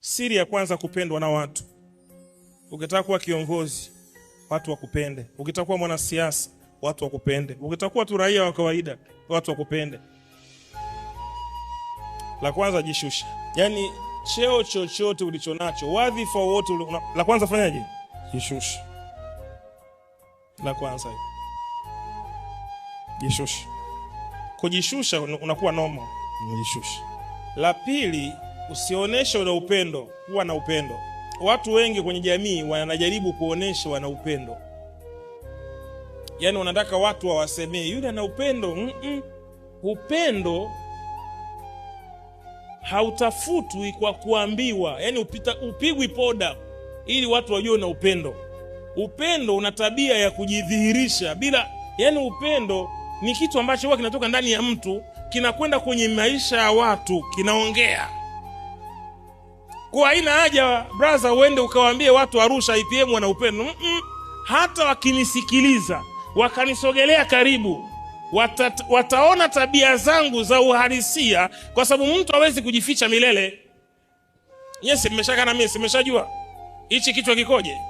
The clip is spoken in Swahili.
Siri ya kwanza, kupendwa na watu. Ukitaka kuwa kiongozi, watu wakupende. Ukitaka kuwa mwanasiasa, watu wakupende. Ukitaka kuwa tu raia wa kawaida, watu wakupende. La kwanza, jishusha. Yaani cheo chochote ulicho nacho, wadhifa wote, la kwanza fanyaje? Jishusha. La kwanza jishusha. Kujishusha unakuwa noma Jishusha. La pili usionyeshe una upendo, kuwa na upendo. Watu wengi kwenye jamii wanajaribu kuonesha wana upendo, yaani wanataka watu wawasemee yule ana upendo. mm -mm. Upendo hautafutwi kwa kuambiwa, yaani upigwi poda ili watu wajue una upendo. Upendo una tabia ya kujidhihirisha bila, yaani upendo ni kitu ambacho huwa kinatoka ndani ya mtu kinakwenda kwenye maisha ya watu, kinaongea kwa aina haja brother, uende ukawaambie watu Arusha IPM wana upendo mm -mm. Hata wakinisikiliza wakanisogelea karibu wata, wataona tabia zangu za uhalisia, kwa sababu mtu hawezi kujificha milele. nyesi mmeshakana na mimi, mmeshajua hichi kichwa kikoje.